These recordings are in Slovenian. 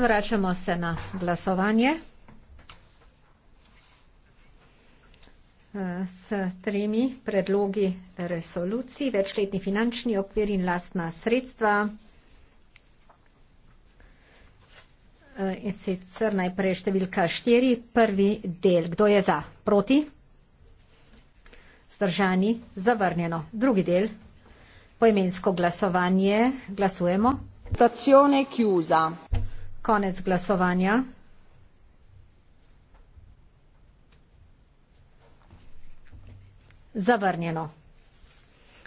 Vračamo se na glasovanje. Eh, s tremi predlogi resolucij, večletni finančni okvir in lastna sredstva. Eh, in sicer najprej številka štiri, prvi del. Kdo je za? Proti? Vzdržani? Zavrnjeno. Drugi del poimensko glasovanje. Glasujemo. Tazione chiusa. Konec glasovanja. Zavrnjeno.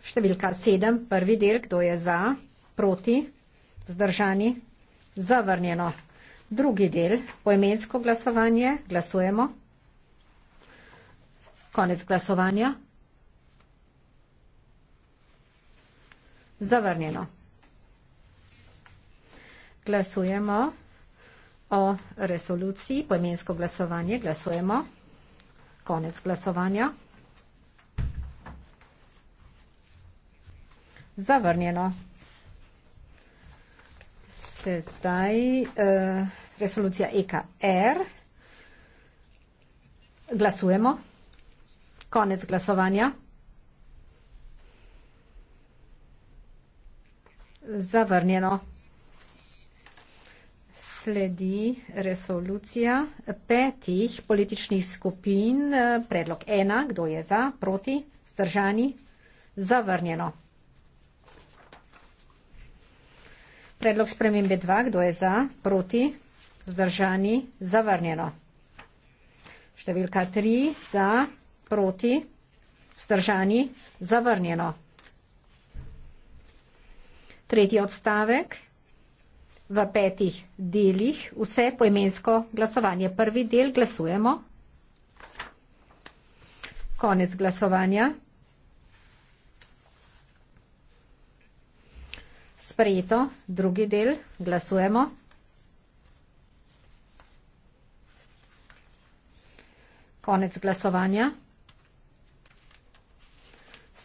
Številka sedem, prvi del, kdo je za, proti, vzdržani, zavrnjeno. Drugi del, poimensko glasovanje, glasujemo. Konec glasovanja. Zavrnjeno. Glasujemo o resoluciji, poimensko glasovanje. Glasujemo. Konec glasovanja. Zavrnjeno. Sedaj eh, resolucija EKR. Glasujemo. Konec glasovanja. zavrnjeno. Sledi resolucija petih političnih skupin, predlog ena, kdo je za, proti, zdržani, zavrnjeno. Predlog spremembe dva, kdo je za, proti, zdržani, zavrnjeno. Številka tri, za, proti, zdržani, zavrnjeno. Tretji odstavek v petih delih, vse poimensko glasovanje. Prvi del glasujemo. Konec glasovanja. Sprejeto, drugi del, glasujemo. Konec glasovanja.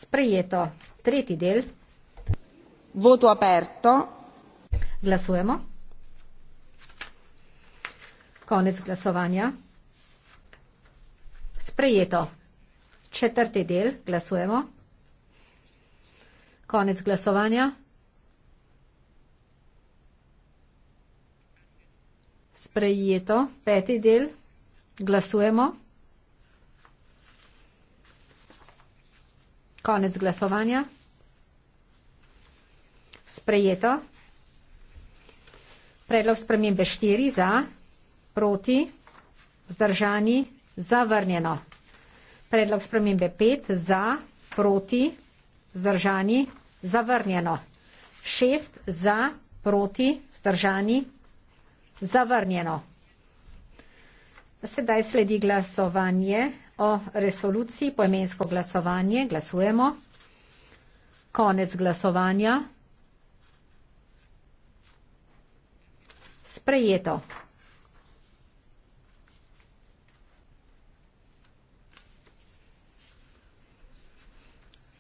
Sprejeto, tretji del, glasujemo voto aperto glasujemo konec glasovanja sprejeto četrti del glasujemo konec glasovanja sprejeto peti del glasujemo konec glasovanja sprejeto. Predlog spremembe 4 za, proti, vzdržani, zavrnjeno. Predlog spremembe 5 za, proti, vzdržani, zavrnjeno. 6 za, proti, vzdržani, zavrnjeno. Sedaj sledi glasovanje o resoluciji, poemensko glasovanje, glasujemo. Konec glasovanja. sprejeto.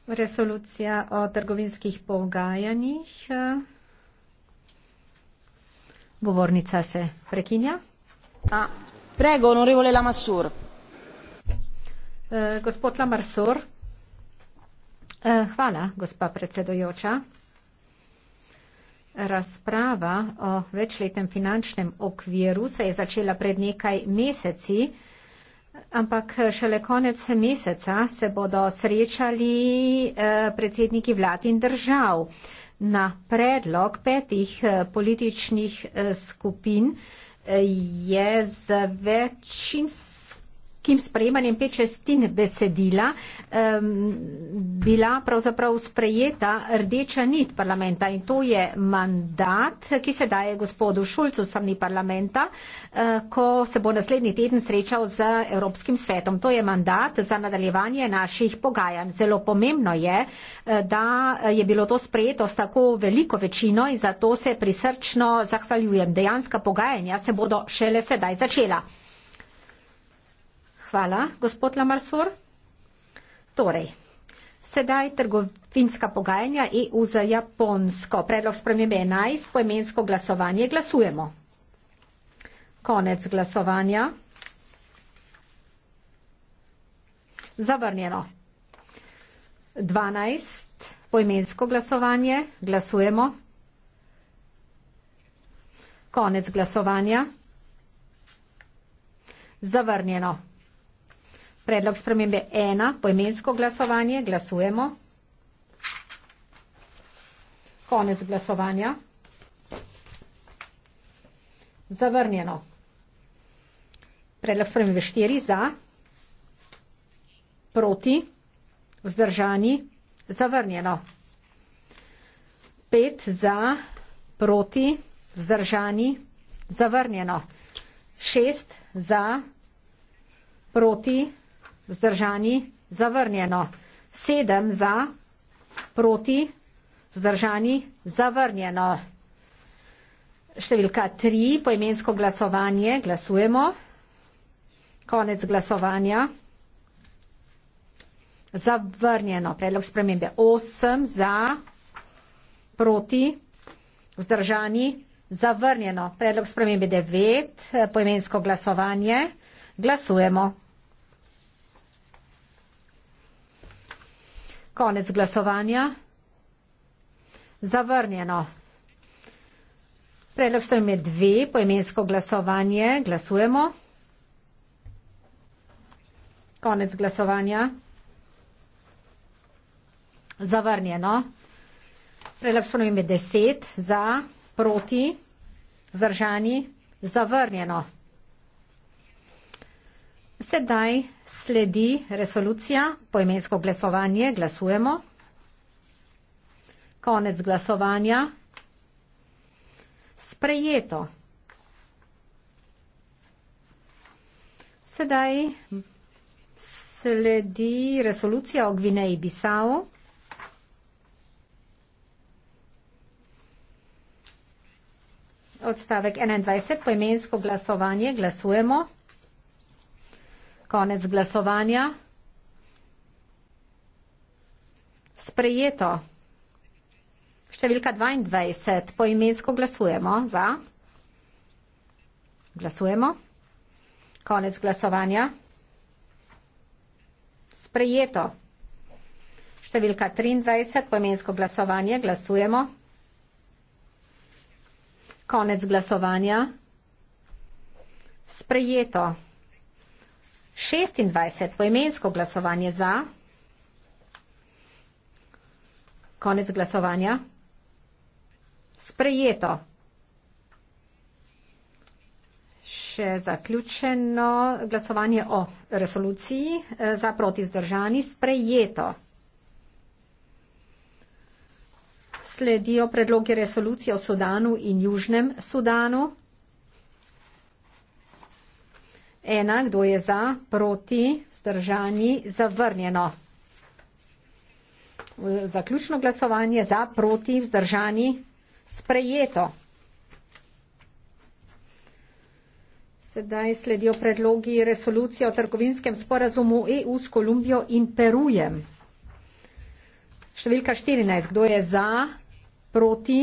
Resolucija o trgovinskih pogajanjih. Govornica se prekinja. A, prego, onorevole Lamassur. E, eh, gospod Lamassur. E, eh, hvala, gospa predsedojoča. Razprava o večletnem finančnem okviru se je začela pred nekaj meseci, ampak šele konec meseca se bodo srečali eh, predsedniki vlad in držav. Na predlog petih eh, političnih eh, skupin je z večinskim kim sprejemanjem pet šestin besedila um, bila pravzaprav sprejeta rdeča nit parlamenta in to je mandat, ki se daje gospodu Šulcu strani parlamenta, uh, ko se bo naslednji teden srečal z Evropskim svetom. To je mandat za nadaljevanje naših pogajanj. Zelo pomembno je, eh, da je bilo to sprejeto s tako veliko večino in zato se prisrčno zahvaljujem. Dejanska pogajanja se bodo šele sedaj začela. Hvala, gospod Lamarsur. Torej, sedaj trgovinska pogajanja EU za Japonsko. Predlog spremembe 11, poemensko glasovanje. Glasujemo. Konec glasovanja. Zavrnjeno. 12, poemensko glasovanje. Glasujemo. Konec glasovanja. Zavrnjeno. Predlog spremembe ena, poimensko glasovanje, glasujemo. Konec glasovanja. Zavrnjeno. Predlog spremembe štiri za, proti, vzdržani, zavrnjeno. Pet za, proti, vzdržani, zavrnjeno. Šest za, proti, vzdržani vzdržani, zavrnjeno. Sedem za, proti, vzdržani, zavrnjeno. Številka tri, poimensko glasovanje, glasujemo. Konec glasovanja. Zavrnjeno, predlog spremembe. Osem za, proti, vzdržani, zavrnjeno. Predlog spremembe devet, poimensko glasovanje, glasujemo. Konec glasovanja. Zavrnjeno. Predlog stranje dve, poimensko glasovanje. Glasujemo. Konec glasovanja. Zavrnjeno. Predlog stranje deset, za, proti, zdržani, zavrnjeno. Sedaj sledi resolucija, poimensko glasovanje, glasujemo. Konec glasovanja. Sprejeto. Sedaj sledi resolucija o Gvineji Bisau. Odstavek 21, poimensko glasovanje, glasujemo. Konec glasovanja. Sprejeto. Številka 22. Poimensko glasujemo za. Glasujemo. Konec glasovanja. Sprejeto. Številka 23. Poimensko glasovanje. Glasujemo. Konec glasovanja. Sprejeto. 26 poimensko glasovanje za. Konec glasovanja. Sprejeto. Še zaključeno glasovanje o resoluciji eh, za proti vzdržani. Sprejeto. Sledijo predlogi resolucije o Sudanu in Južnem Sudanu. Ena, kdo je za, proti, vzdržani, zavrnjeno. Zaključno glasovanje za, proti, vzdržani, sprejeto. Sedaj sledijo predlogi resolucije o trgovinskem sporazumu EU s Kolumbijo in Perujem. Številka 14. Kdo je za, proti,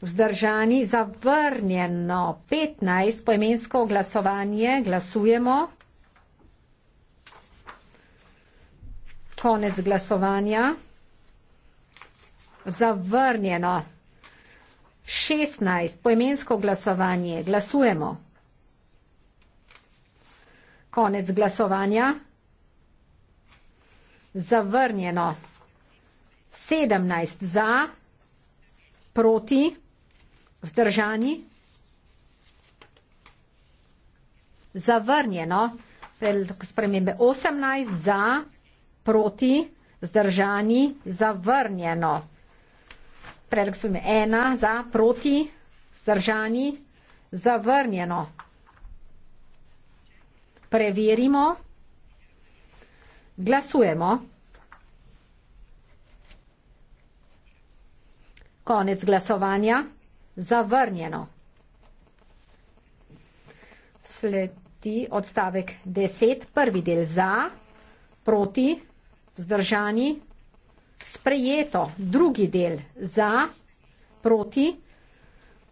vzdržani, zavrnjeno 15 poimensko glasovanje, glasujemo. Konec glasovanja. Zavrnjeno 16 poimensko glasovanje, glasujemo. Konec glasovanja. Zavrnjeno 17 za, proti vzdržani, zavrnjeno, predlog spremembe 18 za, proti, vzdržani, zavrnjeno. Predlog spremembe 1 za, proti, vzdržani, zavrnjeno. Preverimo, glasujemo. Konec glasovanja zavrnjeno. Sledi odstavek 10, prvi del za, proti, vzdržani, sprejeto, drugi del za, proti,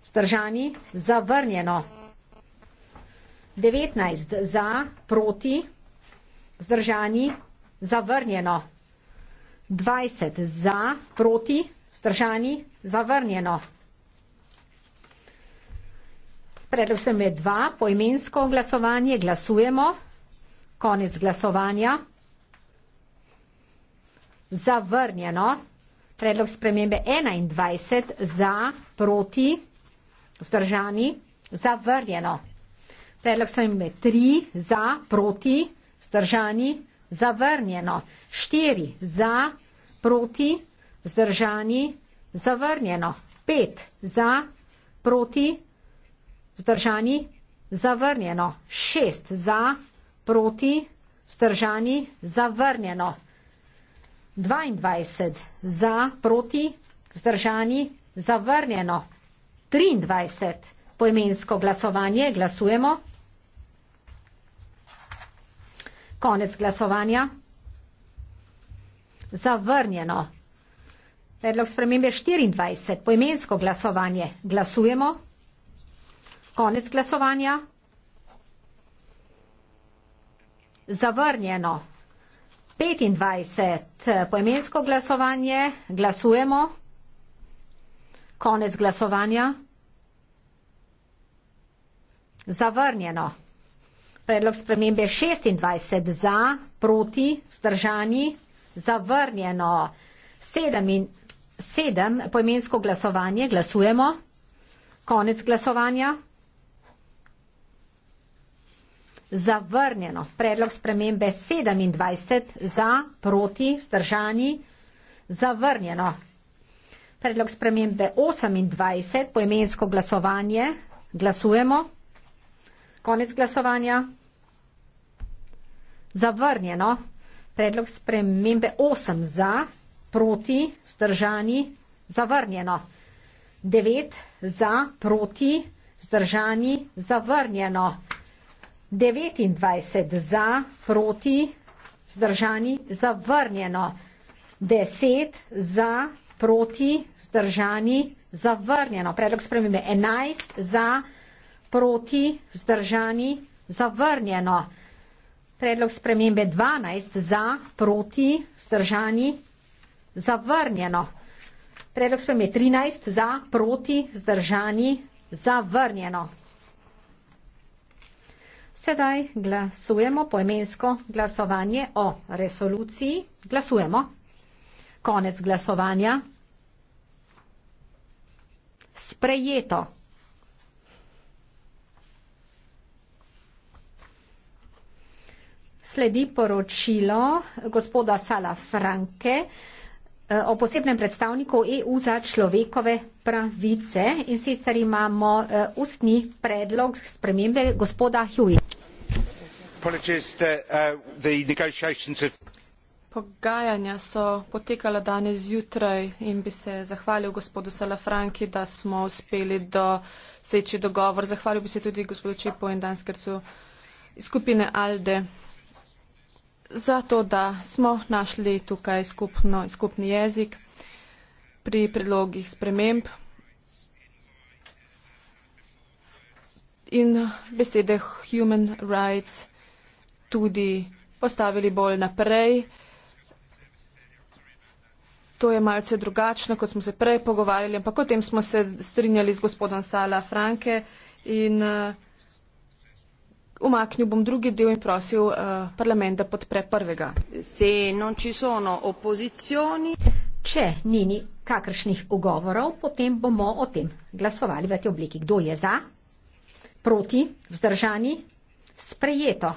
vzdržani, zavrnjeno. 19 za, proti, vzdržani, zavrnjeno. 20 za, proti, vzdržani, zavrnjeno. Predlog sem je dva, poimensko glasovanje, glasujemo. Konec glasovanja. Zavrnjeno. Predlog spremembe 21 za, proti, zdržani, zavrnjeno. Predlog spremembe 3 za, proti, zdržani, zavrnjeno. 4 za, proti, zdržani, zavrnjeno. 5 za, proti, zdržani vzdržani, zavrnjeno. Šest za, proti, vzdržani, zavrnjeno. 22 za, proti, vzdržani, zavrnjeno. 23 poimensko glasovanje, glasujemo. Konec glasovanja. Zavrnjeno. Predlog spremembe 24. Poimensko glasovanje. Glasujemo. Konec glasovanja. Zavrnjeno. 25. Eh, poimensko glasovanje. Glasujemo. Konec glasovanja. Zavrnjeno. Predlog spremembe 26 za, proti, vzdržani, zavrnjeno. 7 in 7 poimensko glasovanje, glasujemo. Konec glasovanja zavrnjeno. Predlog spremembe 27 za, proti, vzdržani, zavrnjeno. Predlog spremembe 28, poemensko glasovanje, glasujemo. Konec glasovanja. Zavrnjeno. Predlog spremembe 8 za, proti, vzdržani, zavrnjeno. 9 za, proti, vzdržani, zavrnjeno. 29 za, proti, zdržani, zavrnjeno. 10 za, proti, zdržani, zavrnjeno. Predlog spremembe 11 za, proti, zdržani, zavrnjeno. Predlog spremembe 12 za, proti, zdržani, zavrnjeno. Predlog spremembe 13 za, proti, zdržani, zavrnjeno. Sedaj glasujemo poemensko glasovanje o resoluciji. Glasujemo. Konec glasovanja. Sprejeto. Sledi poročilo gospoda Sala Franke eh, o posebnem predstavniku EU za človekove pravice in sicer imamo eh, ustni predlog spremembe gospoda Hewitt. Uh, Pogajanja so potekala danes zjutraj in bi se zahvalil gospodu Salafranki, da smo uspeli do seči dogovor. Zahvalil bi se tudi gospodu Čipo in Danskercu iz skupine Alde za to, da smo našli tukaj skupno, skupni jezik pri predlogih sprememb. In besede human rights tudi postavili bolj naprej. To je malce drugačno, kot smo se prej pogovarjali, ampak o tem smo se strinjali z gospodom Sala Franke in uh, umaknil bom drugi del in prosil uh, parlament, da podpre prvega. Se non ci sono opozicioni. Če nini kakršnih ugovorov, potem bomo o tem glasovali v tej obliki. Kdo je za? Proti? Vzdržani? Sprejeto.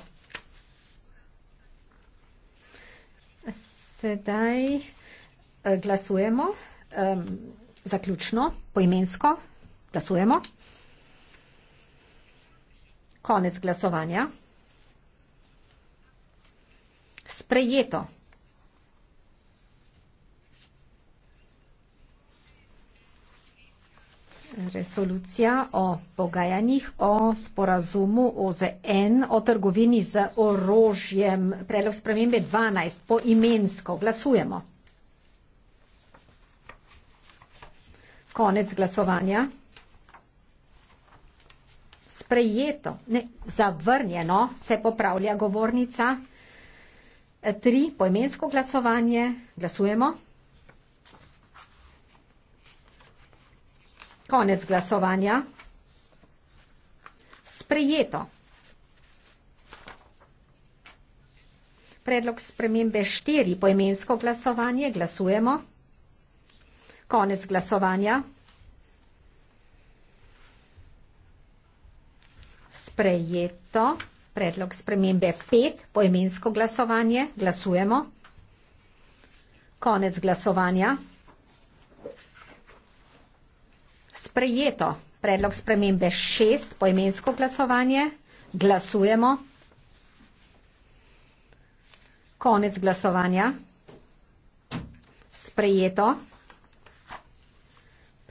Sedaj eh, glasujemo um, zaključno, poimensko. Glasujemo. Konec glasovanja. Sprejeto. resolucija o pogajanjih o sporazumu OZN o trgovini z orožjem, predlog spremembe 12, poimensko. Glasujemo. Konec glasovanja. Sprejeto, ne, zavrnjeno se popravlja govornica. Tri, poimensko glasovanje. Glasujemo. Konec glasovanja. Sprejeto. Predlog spremembe štiri poimensko glasovanje. Glasujemo. Konec glasovanja. Sprejeto. Predlog spremembe pet poimensko glasovanje. Glasujemo. Konec glasovanja. sprejeto predlog spremembe šest poimensko glasovanje. Glasujemo. Konec glasovanja. Sprejeto.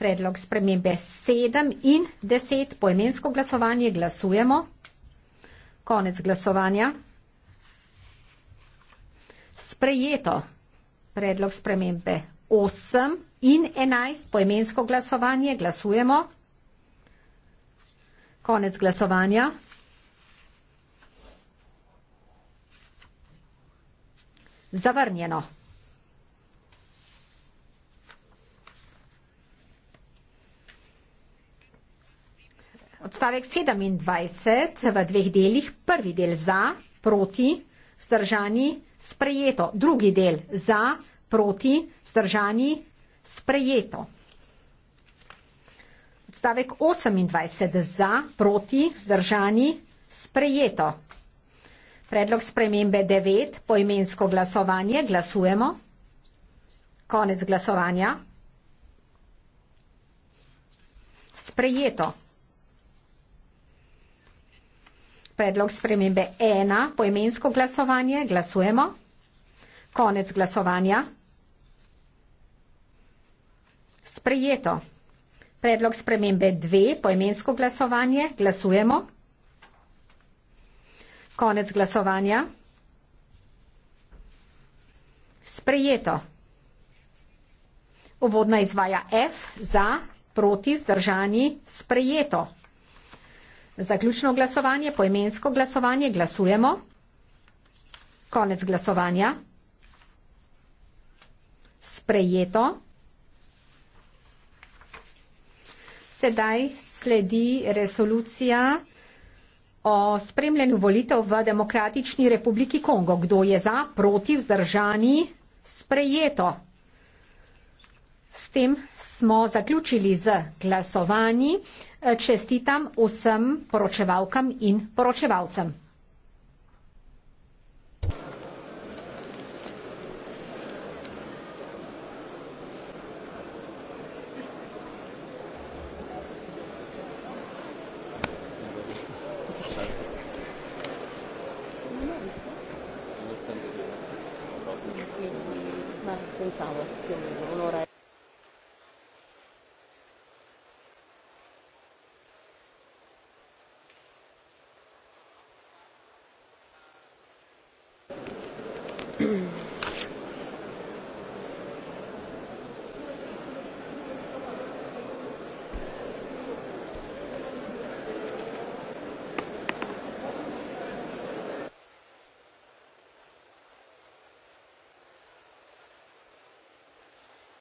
Predlog spremembe sedem in deset poimensko glasovanje. Glasujemo. Konec glasovanja. Sprejeto. Predlog spremembe osem in enajst poemensko glasovanje. Glasujemo. Konec glasovanja. Zavrnjeno. Odstavek 27 v dveh delih. Prvi del za, proti, vzdržani, sprejeto. Drugi del za, proti, vzdržani, sprejeto sprejeto. Odstavek 28 za, proti, zdržani, sprejeto. Predlog spremembe 9, poimensko glasovanje, glasujemo. Konec glasovanja. Sprejeto. Predlog spremembe 1, poimensko glasovanje, glasujemo. Konec glasovanja sprejeto. Predlog spremembe dve, poemensko glasovanje, glasujemo. Konec glasovanja. Sprejeto. Uvodna izvaja F za, proti, zdržani, sprejeto. Zaključno glasovanje, poemensko glasovanje, glasujemo. Konec glasovanja. Sprejeto. Sedaj sledi resolucija o spremljanju volitev v Demokratični republiki Kongo. Kdo je za, proti, vzdržani, sprejeto. S tem smo zaključili z glasovanji. Čestitam vsem poročevalkam in poročevalcem. con Savo, più o meno, un'ora. E